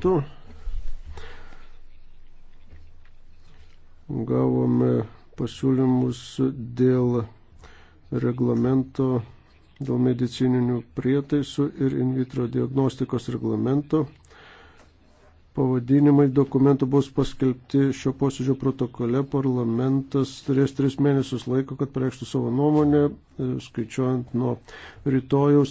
metu gavome pasiūlymus dėl reglamento dėl medicininių prietaisų ir in vitro diagnostikos reglamento. Pavadinimai dokumentų bus paskelbti šio posėdžio protokole. Parlamentas turės tris mėnesius laiko, kad pareikštų savo nuomonę, e, skaičiuojant nuo rytojaus